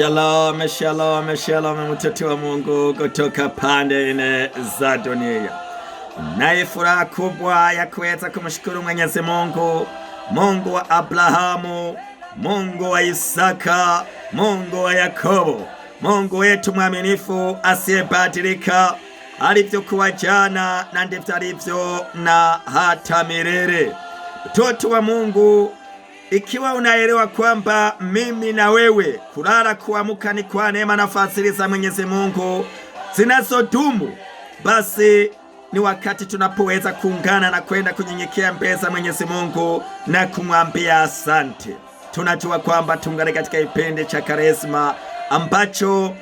Shalom, shalom, shalom, mtoto wa Mungu kutoka pande nne za dunia. Naye furaha kubwa ya kuweza kumshukuru Mwenyezi Mungu, Mungu wa Abrahamu, Mungu wa Isaka, Mungu wa Yakobo, Mungu wetu mwaminifu asiyebadilika, alivyokuwa jana na ndivyo alivyo na hata milele. Mtoto wa Mungu ikiwa unaelewa kwamba mimi na wewe kulala kuamka ni kwa neema na fadhili za Mwenyezi Mungu zinazodumu, basi ni wakati tunapoweza kuungana na kwenda kunyenyekea mbele za Mwenyezi Mungu na kumwambia asante. Tunajua kwamba tungali katika kipindi cha Karesma ambacho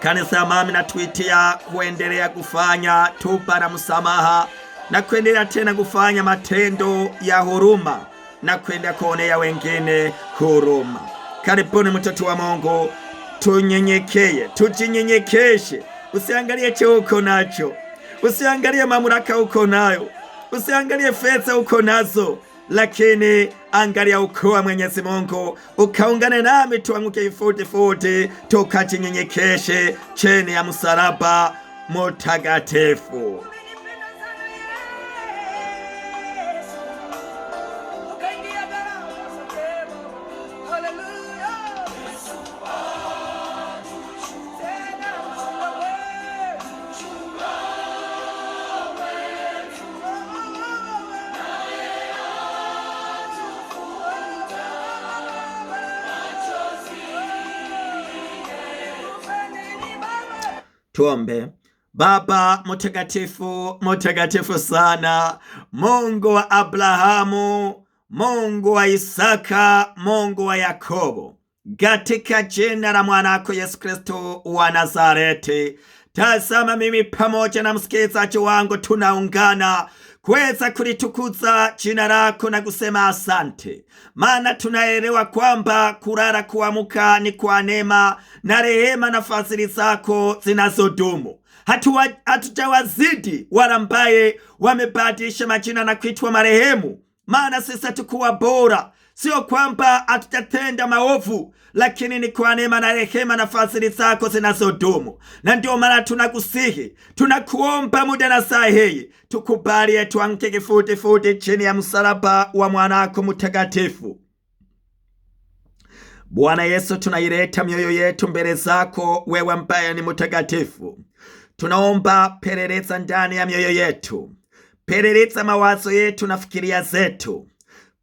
kanisa ya natuitia kuendelea kufanya tupa na msamaha na kuendelea tena kufanya matendo ya huruma na kwenda kuonea wengine huruma. Karibuni mtoto wa Mungu, tunyenyekeye, tujinyenyekeshe. Usiangalie cheo uko nacho, usiangalie mamlaka uko nayo, usiangalie fedha uko nazo, lakini angalia ukuu wa Mwenyezi Mungu. Ukaungane nami tuanguke kifutifuti, tukajinyenyekeshe chini ya msalaba mtakatifu. Tuombe. Baba mtakatifu, mtakatifu sana, Mungu wa Abrahamu, Mungu wa Isaka, Mungu wa Yakobo, katika jina la mwanako Yesu Kristo wa Nazareti, tazama mimi pamoja na msikilizaji wangu tunaungana kuweza kulitukuza jina lako na kusema asante, maana tunaelewa kwamba kulala kuamka ni kwa neema na rehema na fadhili zako zinazodumu. Hatutawazidi wala mbaye wamebadilisha majina na kuitwa marehemu, maana sisi hatukuwa bora Sio kwamba atutatenda maovu, lakini ni kwa neema na rehema na fadhili zako zinazodumu. Na ndio maana tunakusihi, tunakuomba muda na saa hii, tukubalie tuanguke kifutifuti chini ya msalaba wa mwanako mtakatifu. Bwana Yesu, tunaileta mioyo yetu mbele zako, wewe ambaye ni mtakatifu. Tunaomba perereza ndani ya mioyo yetu, peleleza mawazo yetu na fikiria zetu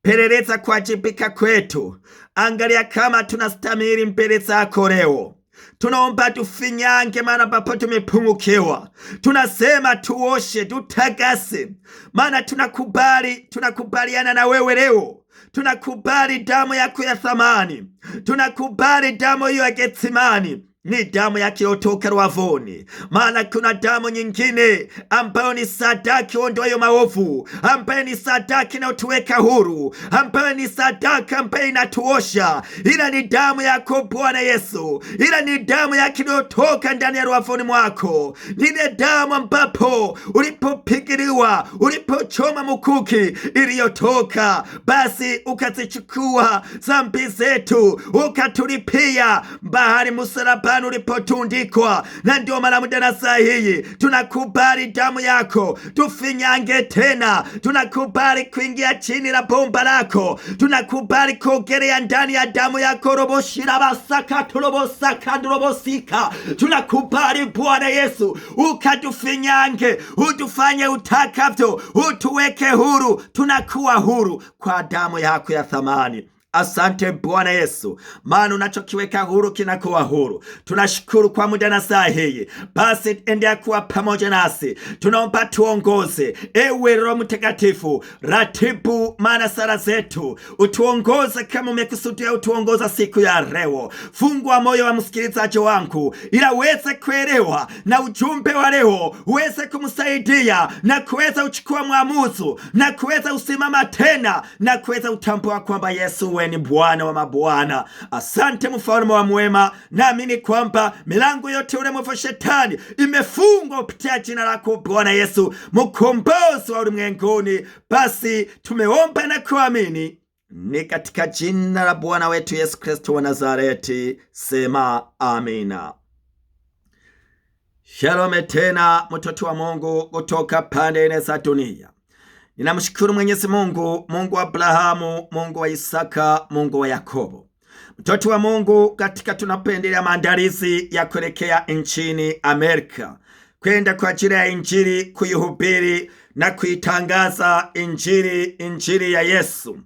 peleleza kuwajibika kwetu. Angalia kama tunastamiri mbele zako leo. Tunaomba tufinyange maana papo tumepungukiwa. Tunasema tuoshe, tutakase, maana tunakubali, tunakubaliana na wewe leo. Tunakubali damu yako ya thamani, tunakubali damu hiyo ya Getsemani ni damu yake iliyotoka rwavoni, maana kuna damu nyingine ambayo ni sadaka iondoayo maovu, ambayo ni sadaka inayotuweka huru, ambayo ni sadaka ambayo inatuosha, ila ni damu yako Bwana Yesu, ila ni damu yake iliyotoka ndani ya rwavoni mwako, nile damu ambapo ulipopigiliwa, ulipochoma mukuki, iliyotoka basi, ukazichukua zambi zetu, ukatulipia bahari musaraba msalabani ulipotundikwa, na ndio mara muda na hii tunakubali damu yako tufinyange tena, tunakubali kuingia chini la bomba lako, tunakubali kuogelea ndani ya damu yako roboshirabasakatulobosakandulobosika. Tunakubali Bwana Yesu, ukatufinyange, utufanye utakavyo, utuweke huru, tunakuwa huru kwa damu yako ya thamani. Asante Bwana Yesu, maana unachokiweka huru kinakuwa huru. Tunashukuru kwa muda na saa hii, basi endea kuwa pamoja nasi, tunaomba tuongoze. Ewe Roho Mtakatifu, ratibu maana sala zetu, utuongoze kama umekusudia utuongoza siku ya leo. Fungua moyo wa msikilizaji wangu, ila uweze kuelewa na ujumbe wa leo uweze kumsaidia na kuweza uchukua mwamuzi na kuweza usimama tena na kuweza utambua kwamba Yesu we wewe ni Bwana wa mabwana. Asante mfalme wa mwema, naamini kwamba milango yote ulemwevu shetani imefungwa kupitia jina lako Bwana Yesu, mkombozi wa ulimwenguni. Basi tumeomba na kuamini ni katika jina la Bwana wetu Yesu Kristo wa Nazareti, sema amina. Shalom tena, mtoto wa Mungu kutoka pande nne za dunia. Ninamshukuru Mwenyezi Mungu, Mungu wa Abrahamu, Mungu wa Isaka, Mungu wa Yakobo. Mtoto wa Mungu, katika tunapendelea maandalizi ya kuelekea nchini Amerika kwenda kwa ajili ya injili kuihubiri na kuitangaza injili, injili ya Yesu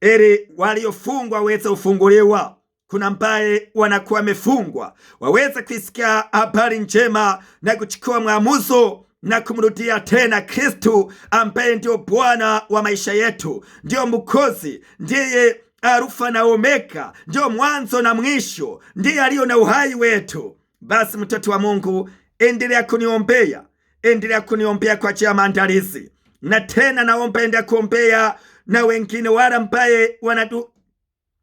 ili waliofungwa waweze kufunguliwa. Kuna mbaye wanakuwa wamefungwa waweze kuisikia habari njema na kuchukua mwamuzo na kumrudia tena Kristu ambaye ndiyo Bwana wa maisha yetu, ndiyo mkozi, ndiye Alfa na Omega, ndiyo mwanzo na mwisho, ndiye aliyo na uhai wetu. Basi mtoto wa Mungu, endelea kuniombea, endelea kuniombea kwa ajili ya maandalizi, na tena naomba endelea kuombea na wengine wale ambaye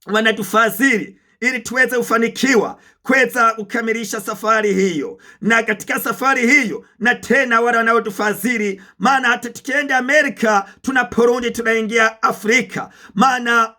wanatufadhili ili tuweze kufanikiwa kuweza kukamilisha safari hiyo, na katika safari hiyo na tena wale wanaotufadhili, maana hata tukienda Amerika tunaporudi tunaingia Afrika, maana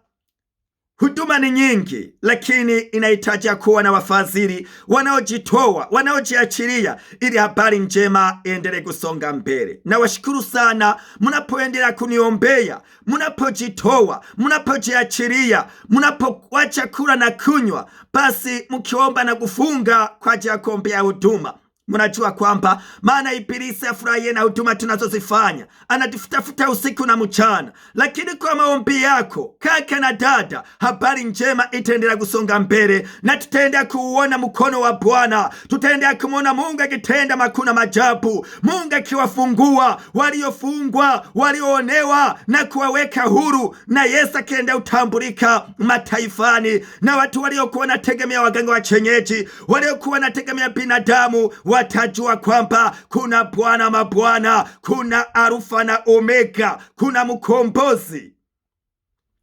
Huduma ni nyingi, lakini inahitaji kuwa na wafadhili wanaojitoa, wanaojiachilia ili habari njema iendelee kusonga mbele. Nawashukuru sana mnapoendelea kuniombea, mnapojitoa, mnapojiachilia, mnapowacha kula na kunywa, basi mkiomba na kufunga kwa ajili ya kuombea huduma Munajua kwamba maana Ibilisi afurahiye na huduma tunazozifanya, anatufutafuta usiku na mchana, lakini kwa maombi yako kaka na dada, habari njema itaendelea kusonga mbele na tutaendea kuuona mkono wa Bwana, tutaendea kumwona Mungu akitenda makuna majabu, Mungu akiwafungua waliofungwa, walioonewa na kuwaweka huru, na Yesu akiendea utambulika mataifani, na watu waliokuwa wanategemea waganga wa chenyeji, waliokuwa wanategemea binadamu watajua kwamba kuna Bwana mabwana, kuna Alfa na Omega, kuna mkombozi.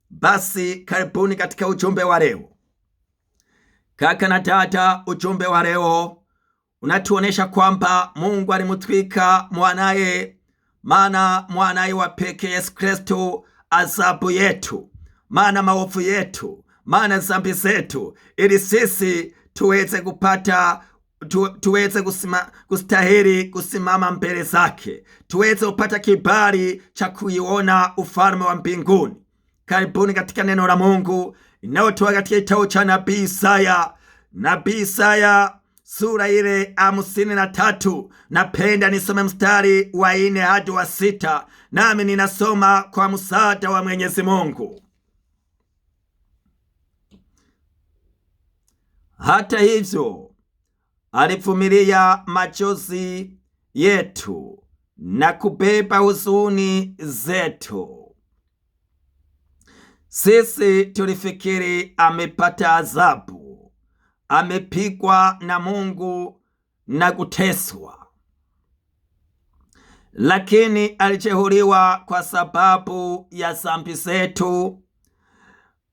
Basi karibuni katika ujumbe wa leo, kaka na dada. Ujumbe wa leo unatuonesha kwamba Mungu alimutwika mwanaye, maana mwanaye wa pekee Yesu Kristo, azabu yetu, maana maovu yetu, maana zambi zetu, ili sisi tuweze kupata tu, tuweze kusima, kustahiri kusimama mbele zake, tuweze kupata kibali cha kuiona ufalme wa mbinguni. Karibuni katika neno la Mungu inayotoa katika kitabu cha nabii Isaya, nabii Isaya sura ile hamsini na tatu. Napenda nisome mstari wa ine hadi wa sita, nami ninasoma kwa msaada wa Mwenyezi Mungu. Hata hivyo alivumilia machozi yetu na kubeba huzuni zetu. Sisi tulifikiri amepata adhabu, amepigwa na Mungu na kuteswa, lakini alijeruhiwa kwa sababu ya zambi zetu,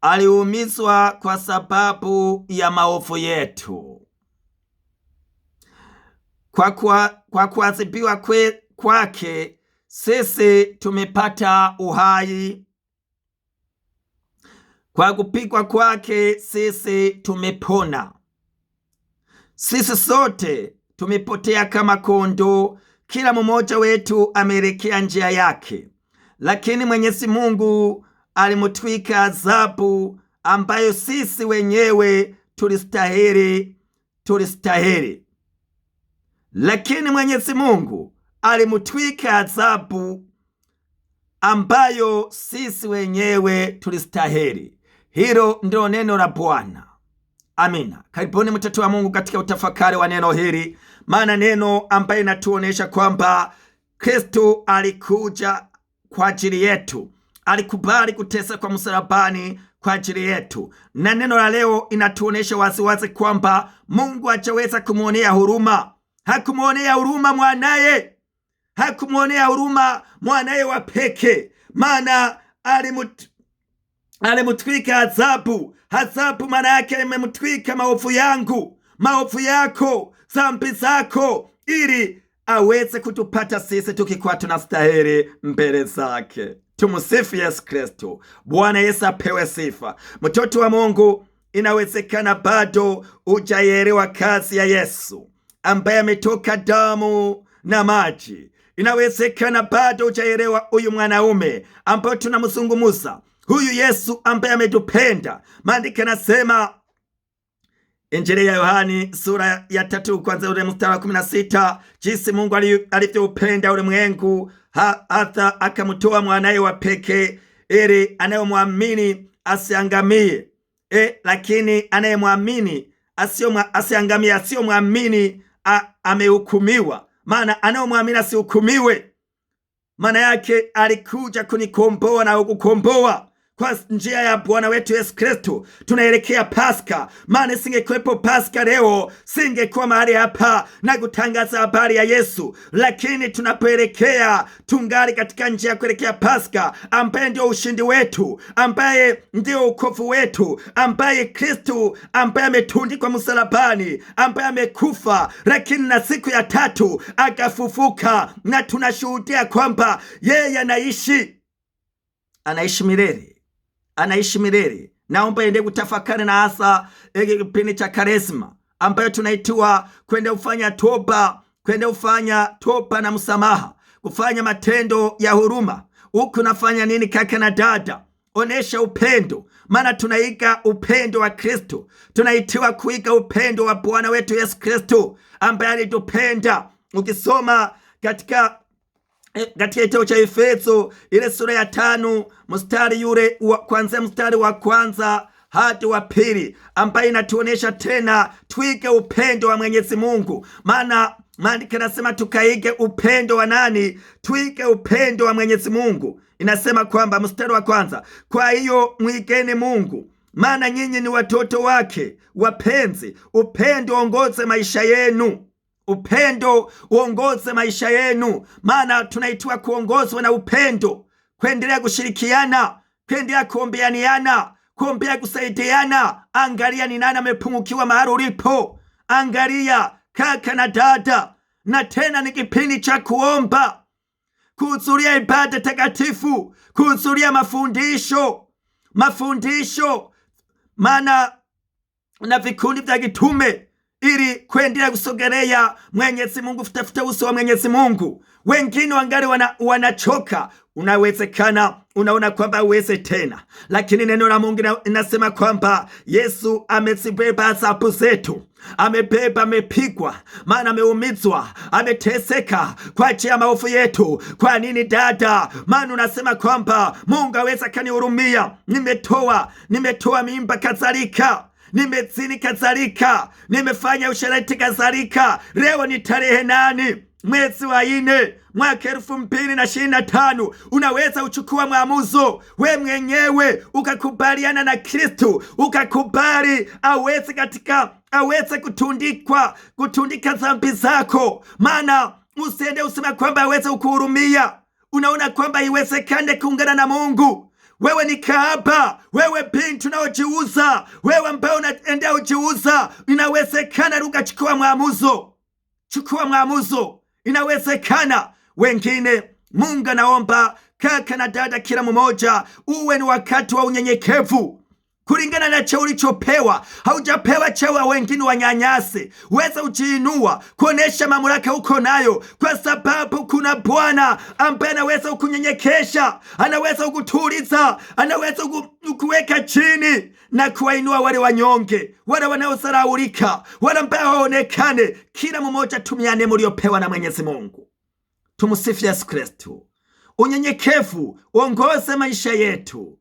aliumizwa kwa sababu ya maovu yetu. Kwa kwa, kwa kwake sisi tumepata uhai, kwa kupigwa kwake sisi tumepona. Sisi sote tumepotea kama kondo, kila mmoja wetu ameelekea njia yake, lakini Mwenyezi Mungu alimutwika adhabu ambayo sisi wenyewe tulistahili tulistahili lakini Mwenyezi Mungu alimutwika adhabu ambayo sisi wenyewe tulistahili. Hilo ndilo neno la Bwana. Amina. Karibuni mtoto wa Mungu katika utafakari wa neno hili, maana neno ambaye inatuonesha kwamba Kristu alikuja kwa ajili yetu, alikubali kutesa kwa msalabani kwa ajili yetu, na neno la leo inatuonesha waziwazi kwamba Mungu hajaweza kumwonea huruma hakumwonea huruma mwanaye, hakumwonea huruma mwanaye wa peke, maana alimut alimutwika adhabu. Adhabu maana yake imemtwika maovu yangu, maovu yako, zambi zako, ili aweze kutupata sisi tukikuwa tunastahili mbele zake. Tumusifu Yesu Kristo. Bwana Yesu apewe sifa. Mtoto wa Mungu, inawezekana bado hujaelewa kazi ya Yesu ambaye ametoka damu na maji. Inawezekana bado ujaelewa huyu mwanaume ambaye tunamzungumuza, huyu Yesu ambaye ametupenda. Maandiko yanasema Injili ya Yohani sura ya tatu kwanza ule mstari wa kumi na sita jinsi Mungu alivyoupenda ulimwengu hata akamtoa mwanaye wa pekee ili anayemwamini asiangamie. E, lakini anayemwamini asiangamie, asiyomwamini amehukumiwa, maana anayomwamini asihukumiwe. Maana yake alikuja kunikomboa na kukomboa. Kwa njia ya Bwana wetu Yesu Kristo tunaelekea paska maana isingekuwepo paska leo singekuwa mahali hapa na kutangaza habari ya Yesu. Lakini tunapoelekea tungali katika njia ya kuelekea paska ambaye ndio ushindi wetu, ambaye ndio ukovu wetu, ambaye Kristo ambaye ametundikwa msalabani, ambaye amekufa, lakini na siku ya tatu akafufuka, na tunashuhudia kwamba yeye anaishi, anaishi milele anaishi milele. Naomba ende kutafakari na hasa eh, kipindi cha Karesma ambayo tunaitiwa kwenda kufanya toba, kwenda kufanya toba na msamaha, kufanya matendo ya huruma. Huku unafanya nini kaka na dada? Onesha upendo, maana tunaiga upendo wa Kristo. Tunaitiwa kuiga upendo wa Bwana wetu Yesu Kristo ambaye alitupenda. Ukisoma katika Eh, katika kitabu cha Efeso ile sura ya tano mstari yule kwanza mstari wa kwanza hadi wa pili, ambaye inatuonesha tena twike upendo wa Mwenyezi Mungu, maana maandiko yanasema tukaige upendo wa nani? Twike upendo wa Mwenyezi Mungu. Inasema kwamba mstari wa kwanza, kwa hiyo mwigeni Mungu maana nyinyi ni watoto wake wapenzi. Upendo ongoze maisha yenu Upendo uongoze maisha yenu, maana tunaitiwa kuongozwa na upendo, kuendelea kushirikiana, kuendelea kuombeaniana, kuombea, kusaidiana. Angalia ni nani amepungukiwa mahali ulipo, angalia kaka na dada. Na tena ni kipindi cha kuomba, kuhudhuria ibada takatifu, kuhudhuria mafundisho, mafundisho, maana na vikundi vya kitume ili kuendelea kusogelea Mwenyezi Mungu, futafute uso wa Mwenyezi Mungu. Wengine wangali wana, wanachoka. Unawezekana unaona kwamba uweze tena, lakini neno la Mungu inasema kwamba Yesu amezibeba adhabu zetu, amebeba, amepigwa, maana ameumizwa, ameteseka kwa ajili ya maovu yetu. Kwa nini dada? Maana unasema kwamba Mungu aweza kanihurumia, nimetoa nimetoa mimba kadhalika nimezini kadhalika, nimefanya usharati kadhalika. Leo ni tarehe nani mwezi wa ine mwaka elfu mbili na ishirini na tano. Unaweza uchukua mwamuzo we mwenyewe ukakubaliana na Kristu, ukakubali aweze katika aweze kutundikwa kutundika dhambi zako, maana usiende usema kwamba aweze ukuhurumia. Unaona kwamba iwezekane kuungana na Mungu wewe ni kaaba, wewe binti unaojiuza, wewe ambaye unaendea ujiuza. Inawezekana lugha, chukua mwamuzo, chukua mwamuzo, inawezekana wengine. Mungu anaomba kaka na dada, kila mmoja uwe ni wakati wa unyenyekevu kulingana na cheo ulichopewa. Haujapewa cheo wengine wanyanyase, weza ujiinua, kuonesha mamlaka uko nayo, kwa sababu kuna Bwana ambaye anaweza ukunyenyekesha, anaweza kukutuliza, anaweza kukuweka chini na kuwainua wale wanyonge, wale wanaosaraulika, wale ambao waonekane. Kila mmoja tumiane muliopewa na Mwenyezi Mungu. Tumsifu Yesu Kristu. Unyenyekevu uongoze maisha yetu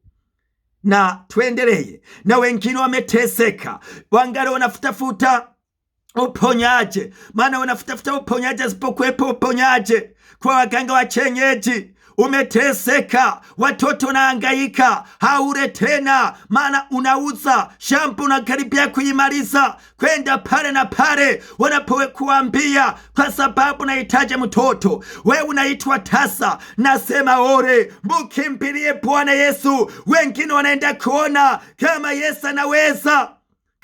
na tuendelee na wengine wameteseka, wangale wanafutafuta uponyaje, maana wanafutafuta uponyaje asipokuwepo uponyaje kwa waganga wa chenyeji umeteseka, watoto naangaika, haure tena, maana unauza na unakaribia kuimaliza, kwenda pale na pale wanapowe kuambia, kwa sababu nahitaji mtoto. We unaitwa tasa, nasema ore, mukimbilie Bwana Yesu. Wengine wanaenda kuona kama Yesu anaweza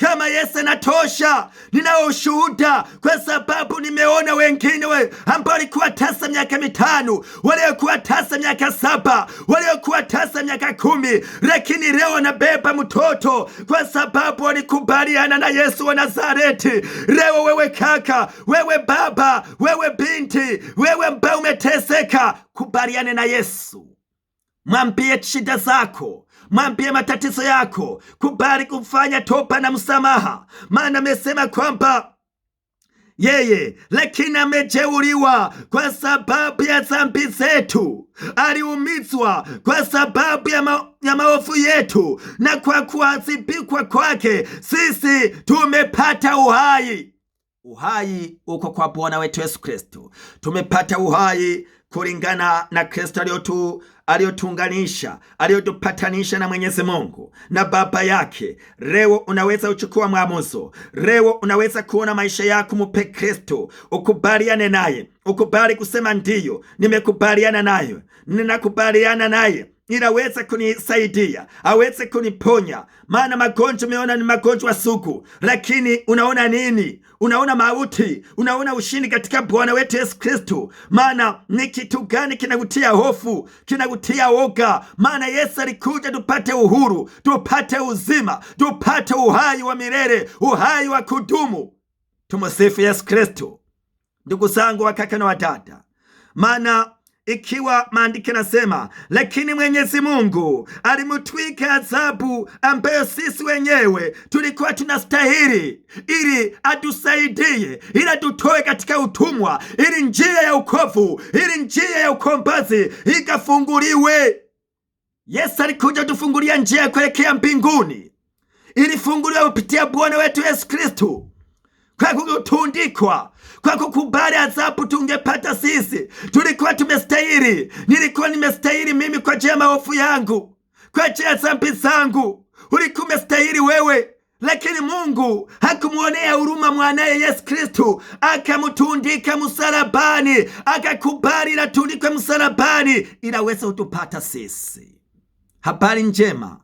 kama Yesu anatosha. Ninao ushuhuda kwa sababu nimeona wengine we, ambao walikuwa tasa miaka mitano, waliokuwa tasa miaka saba, waliokuwa tasa miaka kumi, lakini leo wanabeba mtoto kwa sababu walikubaliana na Yesu wa Nazareti. Leo wewe kaka, wewe baba, wewe binti, wewe ambaye umeteseka, kubaliane na Yesu, mwambie shida zako mwambie matatizo yako, kubali kufanya toba na msamaha, maana amesema kwamba yeye lakini amejeuliwa kwa sababu ya dhambi zetu, aliumizwa kwa sababu ya, ma, ya maovu yetu, na kwa kuadhibikwa kwake sisi tumepata uhai. Uhai uko kwa Bwana wetu Yesu Kristo. Tumepata uhai kulingana na Kristo aliyotu aliyotuunganisha aliyotupatanisha na Mwenyezi Mungu na Baba yake. Leo unaweza uchukua mwamuzo, leo unaweza kuona maisha yako, mupe Kristo, ukubaliane naye, ukubali kusema ndiyo, nimekubaliana naye, ninakubaliana naye ili aweze kunisaidia, aweze kuniponya, maana magonjwa umeona ni magonjwa sugu, lakini unaona nini? Unaona mauti, unaona ushindi katika Bwana wetu Yesu Kristu. Maana ni kitu gani kinakutia hofu, kinakutia woga? Maana Yesu alikuja tupate uhuru, tupate uzima, tupate uhai wa milele, uhai wa kudumu. Tumusifu Yesu Kristu, ndugu zangu, wakaka na wadada, maana ikiwa maandiko nasema, lakini Mwenyezi Mungu alimutwika adhabu ambayo sisi wenyewe tulikuwa tunastahili, ili atusaidie, ili atutoe katika utumwa, ili njia ya ukovu, ili njia ya ukombozi ikafunguliwe. Yesu alikuja tufungulia njia ya kuelekea mbinguni, ilifunguliwa kupitia Bwana wetu Yesu Kristu kwa kutundikwa kwa kukubali adhabu tungepata sisi. Tulikuwa tumestahili, nilikuwa nimestahili mimi kwa ajili ya yangu, kwa ajili ya dhambi zangu. Ulikuwa umestahili wewe, lakini Mungu hakumuonea huruma mwanaye Yesu Kristu, akamutundika musalabani akakubali natundikwe msalabani inaweza kutupata sisi. Habari njema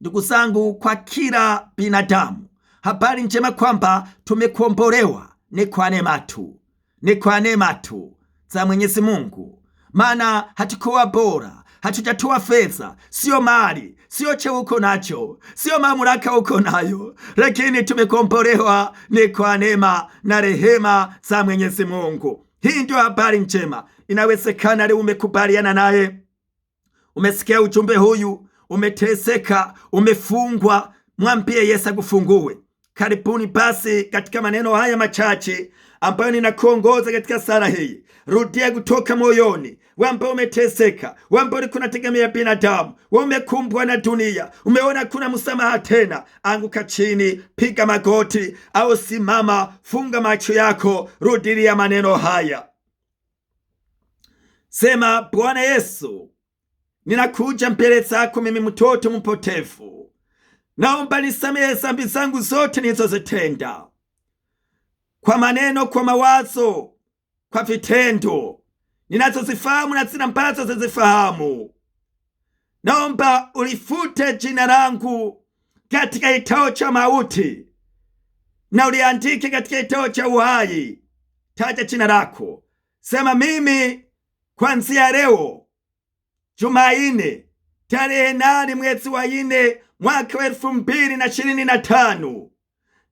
ndugu zangu, kwa kila binadamu, habari njema kwamba tumekombolewa ni kwa neema tu, ni kwa neema tu za Mwenyezi Mungu, maana hatukuwa bora hatujatoa fedha, siyo mali, siyo cheo uko nacho, siyo mamlaka uko nayo, lakini tumekombolewa ni kwa neema na rehema za Mwenyezi Mungu. Hii ndio habari njema. Inawezekana leo umekubaliana naye, umesikia ujumbe huyu, umeteseka, umefungwa. Mwambie Yesu akufungue, Karibuni basi katika maneno haya machache ambayo ninakuongoza katika sala hii. Rudia kutoka moyoni, we ambao umeteseka, ambao ambaye unategemea binadamu, we umekumbwa na dunia, umeona kuna msamaha tena. Anguka chini, piga magoti au simama, funga macho yako, rudilia maneno haya, sema: Bwana Yesu, ninakuja mbele zako, mimi mtoto mpotefu naomba nisamehe dhambi zangu zote nilizozitenda, kwa maneno, kwa mawazo, kwa vitendo, ninazozifahamu na zile mpaso sizifahamu. Naomba ulifute jina langu katika kitabu cha mauti na uliandike katika kitabu cha uhai. Taja jina lako, sema mimi kuanzia leo Jumanne tarehe nane mwezi wa nne mwaka wa elfu mbili na ishirini na tano.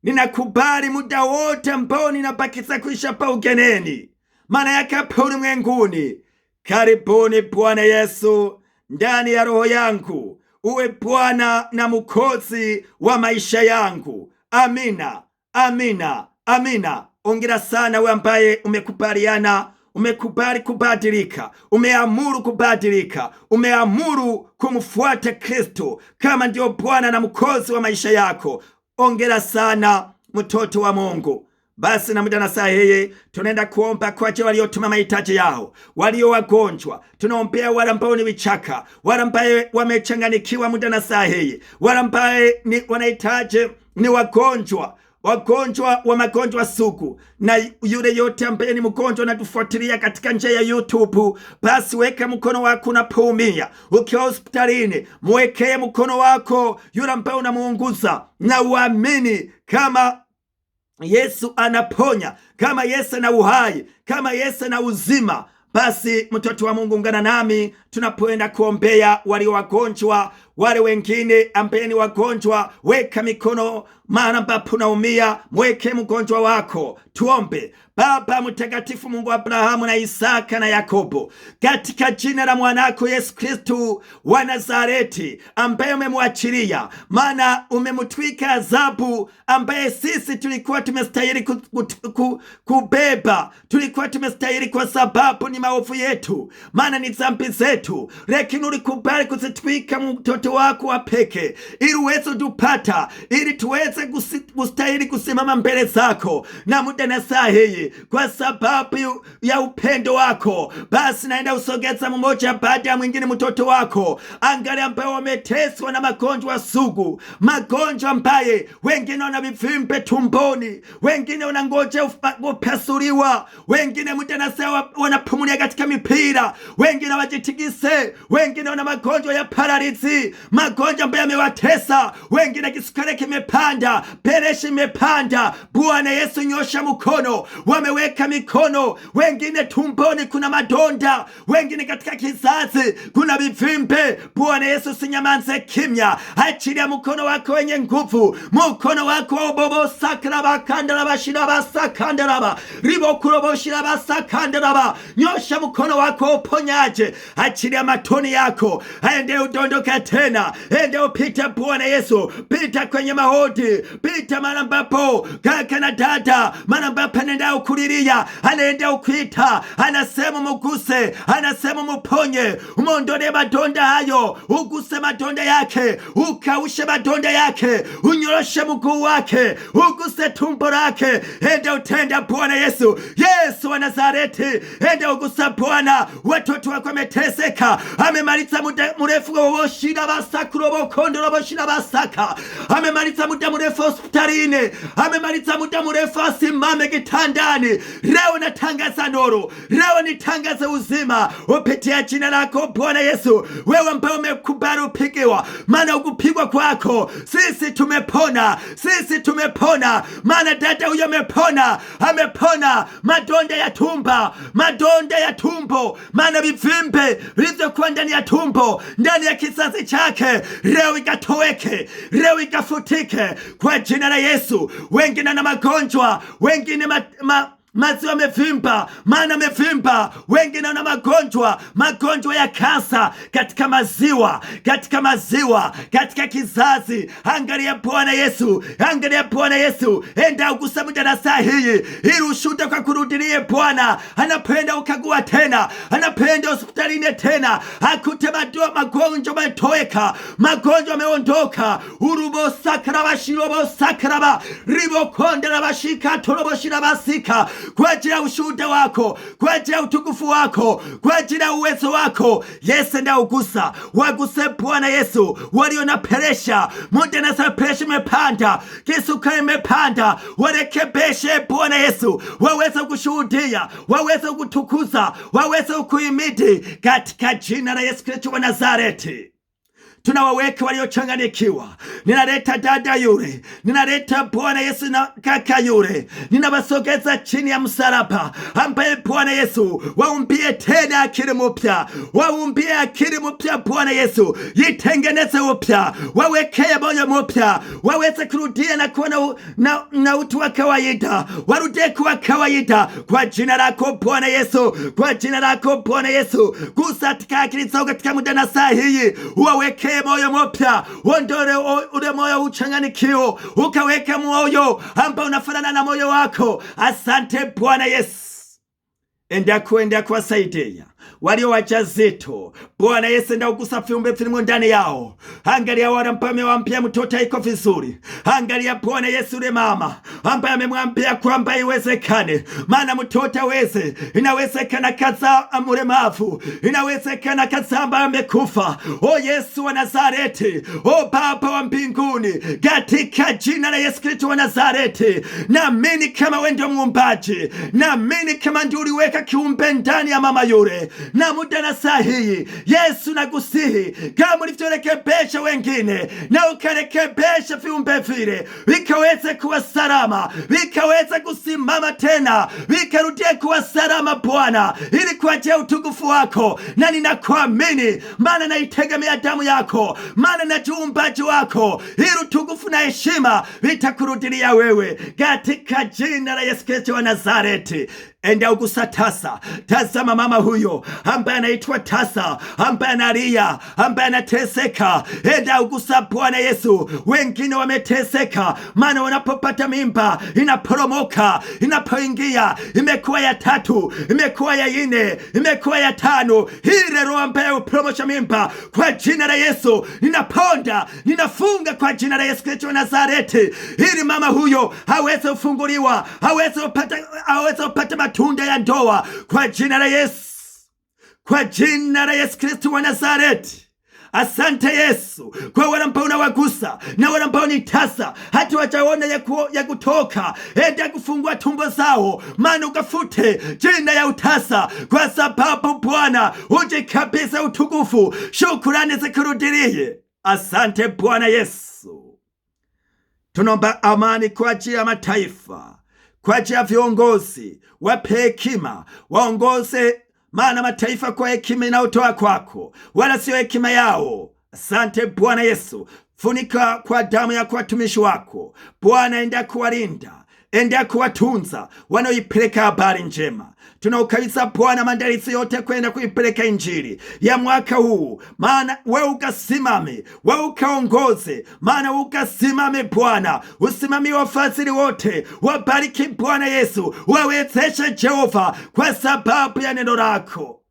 Ninakubali muda wote ambao ninabakiza kuisha pa ugeneni, maana yake hapa ulimwenguni. Karibuni Bwana Yesu ndani ya roho yangu, uwe Bwana na mukozi wa maisha yangu. Amina, amina, amina. Ongera sana we ambaye umekubaliana umekubali kubadilika, umeamuru kubadilika, umeamuru kumfuata Kristo kama ndiyo Bwana na mkozi wa maisha yako. Ongera sana mtoto wa Mungu. Basi na muda na saa heye tunaenda kuomba kwa ajili waliotuma mahitaji yao, walio wagonjwa. Tunaombea wale ambao ni vichaka, wale ambao wamechanganikiwa muda na saa heye, wale ambao wanahitaji ni wagonjwa wagonjwa wa magonjwa sugu na yule yote ambaye ni mgonjwa natufuatilia katika njia ya YouTube, basi weka mkono wako unapoumia. Ukiwa hospitalini, mwekee mkono wako yule ambaye unamuunguza, na uamini kama Yesu anaponya, kama Yesu ana uhai, kama Yesu ana uzima, basi mtoto wa Mungu, ungana nami tunapoenda kuombea wali wagonjwa, wale wengine ambaye ni wagonjwa, weka mikono maana ambapo unaumia, mweke mgonjwa wako. Tuombe. Baba mtakatifu, Mungu wa Abrahamu na Isaka na Yakobo, katika jina la mwanako Yesu Kristu wa Nazareti, ambaye umemwachilia, maana umemutwika adhabu ambaye sisi tulikuwa tumestahili ku, ku, ku, kubeba, tulikuwa tumestahili kwa sababu ni maovu yetu, maana ni dhambi zetu yetu, lakini ulikubali kuzitwika mtoto wako wa peke ili uweze kutupata, ili tuweze kustahili kusimama mbele zako na muda na saa hii. Kwa sababu ya upendo wako, basi naenda usogeza mmoja baada ya mwingine mtoto wako, angalia ambao wameteswa na magonjwa sugu, magonjwa ambaye wengine wana vivimbe tumboni, wengine wanangoja upasuliwa, wengine muda na saa wanapumulia katika mipira, wengine wajitikisa paralise, wengine wana magonjwa ya paralizi, magonjwa ambayo yamewatesa wengine, kisukari kimepanda, pereshi imepanda. Bwana Yesu, nyosha mkono, wameweka mikono, wengine tumboni kuna madonda, wengine katika kizazi kuna vivimbe. Bwana Yesu, sinyamanze kimya, achilia mkono wako wenye nguvu, mkono wako wa ubobo sakraba kandaraba shiraba sakandaraba waubobosakarabakandarabashirabasakandalaba sakandaraba, nyosha mkono wako uponyaje, achilia ya matoni yako, ende udondoke tena, ende upite Bwana Yesu, pita kwenye mahodi pita mara ambapo kaka na dada, mara ambapo anaenda ukulilia, anaenda ukuita, anasema muguse, anasema muponye, umondole madonda hayo, uguse madonda yake, ukaushe madonda yake, unyoroshe mguu wake, uguse tumbo lake, ende utenda Bwana Yesu, Yesu wa Nazareti, ende ugusa Bwana, watoto wako wameteseka amezeeka, amemaliza muda mrefu basakuro basakurobokondoro boshira basaka, amemaliza muda mrefu hospitalini, amemaliza muda mrefu asimame kitandani. Leo natangaza nuru, leo nitangaze uzima upitia jina lako Bwana Yesu, wewe ambaye umekubali upigiwa, maana ukupigwa kwako sisi tumepona, sisi tumepona, maana dada huyo amepona, amepona madonda ya tumba, madonda ya tumbo, maana vivimbe vilivyokuwa ndani ya tumbo, ndani ya kisasi chake, leo ikatoweke, leo ikafutike kwa jina la Yesu. Wengine na magonjwa, wengine ma, ma, maziwa amevimba, maana amevimba. Wengine wana magonjwa, magonjwa ya kansa katika maziwa, katika maziwa, katika kizazi. Angalia Bwana Yesu, angalia Bwana Yesu, enda ukusamuja na saa hii ili ushuta kwa kurudilie. Bwana anapenda ukagua tena, anapenda hospitalini tena akute madoa, magonjwa matoweka, magonjwa ameondoka. urubosakarabashirobosakaraba ribokonderabashikatoroboshirabasika kwa ajili ya ushuhuda wako, kwa ajili ya utukufu wako, kwa ajili ya uwezo wako. Yesu, ndaugusa waguse, Bwana Yesu, walio na presha muda na presha imepanda, kisukari imepanda, warekebeshe Bwana Yesu, waweze kushuhudia, waweze kutukuza, waweze kuimidi katika jina la Yesu Kristo wa Nazareti tunawaweka waliochanganikiwa. Ninaleta dada yule, ninaleta Bwana Yesu na kaka yule, ninawasogeza chini ya msalaba, ambaye Bwana Yesu waumbie tena akili mupya, waumbie akili mupya Bwana Yesu, yitengeneze upya, wawekee moyo mupya, waweze kurudia na kuwa na, na, na utu wa kawaida, warudie kuwa kawaida kwa jina lako Bwana Yesu, kwa jina lako Bwana Yesu, gusa katika akili zao katika muda na saa hii, uwaweke utolee moyo mpya, uondole ule moyo uchanganyikio, ukaweke moyo ambao unafanana na moyo wako. Asante Bwana Yesu, endea kuendea kuwasaidia walio wajazito. Bwana Yesu enda fiumbe filimo ndani yao. Angalia wana mpame wampia mtoto iko vizuri. Angalia Bwana Yesu ule mama ambaye amemwambia kwamba iwezekane, maana mtoto weze Inawezekana kaza mavu inawezekana kaza ambaye amekufa. O Yesu wa Nazareti, o Baba wa mbinguni, katika jina la Yesu Kristo wa Nazareti, naamini kama wewe ndio muumbaji, naamini kama ndio uliweka kiumbe ndani ya mama yule na muda na saa hii. Yesu nakusihi, kama ulivyorekebesha wengine na ukarekebesha viumbe vile, vikaweze kuwa salama, vikaweze kusimama tena, vikarudie kuwa salama Bwana, ili kuachia utukufu wako, na ninakuamini, maana naitegemea damu yako, maana na juumbaji wako, ili utukufu na heshima vitakurudilia wewe, katika jina la Yesu Kristo wa Nazareti. Enda ugusa tasa. Tazama mama huyo ambaye anaitwa tasa, ambaye analia, ambaye anateseka. Enda ugusa Bwana Yesu. Wengine wameteseka, maana wanapopata mimba inaporomoka, inapoingia imekuwa ya tatu, imekuwa ya ine imekuwa ya tano. Ile roho ambaye uporomosha mimba kwa jina la Yesu ninaponda, ninafunga kwa jina la Yesu Kristo wa Nazareti, ili mama huyo aweze kufunguliwa, aweze kupata, aweze matunda ya ndoa kwa jina la Yesu, kwa jina la Yesu Kristu wa Nazareti. Asante Yesu kwa wale ambao unawagusa na wale ambao ni tasa hata wajaona ya, ku, ya kutoka enda kufungua tumbo zao, maana ukafute jina ya utasa, kwa sababu Bwana uje kabisa utukufu, shukurani zikurudilie. Asante Bwana Yesu, tunaomba amani kwa ajili ya mataifa kwa ajili ya viongozi, wape hekima, waongoze maana mataifa kwa hekima inayotoa kwako, wala siyo hekima yao. Asante Bwana Yesu, funika kwa damu yako watumishi wako Bwana, endea kuwalinda, endea kuwatunza wanaoipeleka habari njema tunaukabisa Bwana mandalizi yote kwenda kuipeleka injili ya mwaka huu, maana we ukasimame, we ukaongoze, maana ukasimame Bwana, usimami wafadhili wote, wabariki Bwana Yesu, wawezeshe Jehova, kwa sababu ya neno lako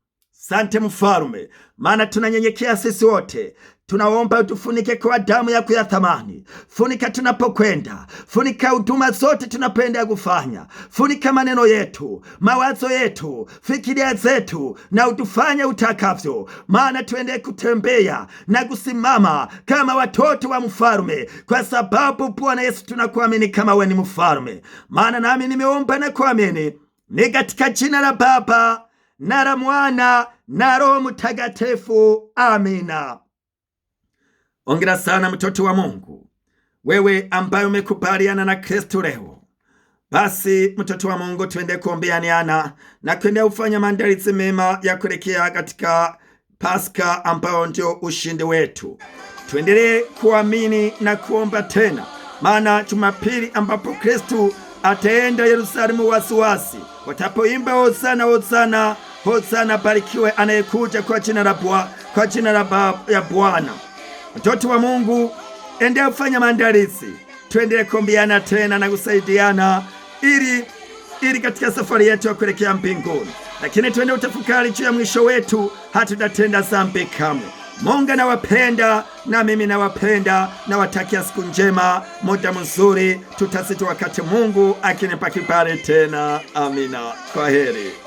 Sante mfalume, maana tunanyenyekea sisi wote, tunaomba utufunike kwa damu yako ya thamani. Funika tunapokwenda, funika huduma zote tunapenda kufanya, funika maneno yetu, mawazo yetu, fikiria zetu, na utufanye utakavyo, maana tuende kutembea na kusimama kama watoto wa mfalume, kwa sababu Bwana Yesu tunakuamini kama we ni mana Maana nami nimeomba na kuamini, ni katika jina la Baba na la Mwana na Roho Mtakatifu. Amina. Ongera sana mtoto wa Mungu, wewe ambaye umekubaliana na Kristo leo. Basi mtoto wa Mungu, twende kuombeaniana na kwenda kufanya maandalizi mema ya kuelekea katika Pasaka ambayo ndio ushindi wetu. Tuendelee kuamini na kuomba tena, maana Jumapili ambapo Kristu ataenda Yerusalemu wasiwasi, watapoimba hosana hosana Hosana, barikiwe anayekuja kwa jina la Bwana, kwa jina la Bwana. Mtoto wa Mungu, endea kufanya maandalizi, tuendelee kuombeana tena na kusaidiana ili ili katika safari yetu ya kuelekea mbinguni, lakini twende utafukari juu ya mwisho wetu, hatutatenda zambi kamwe. Mungu anawapenda na mimi nawapenda, watakia siku njema, muda mzuri. Tutasita wakati Mungu akinipa kibali tena. Amina, kwa heri.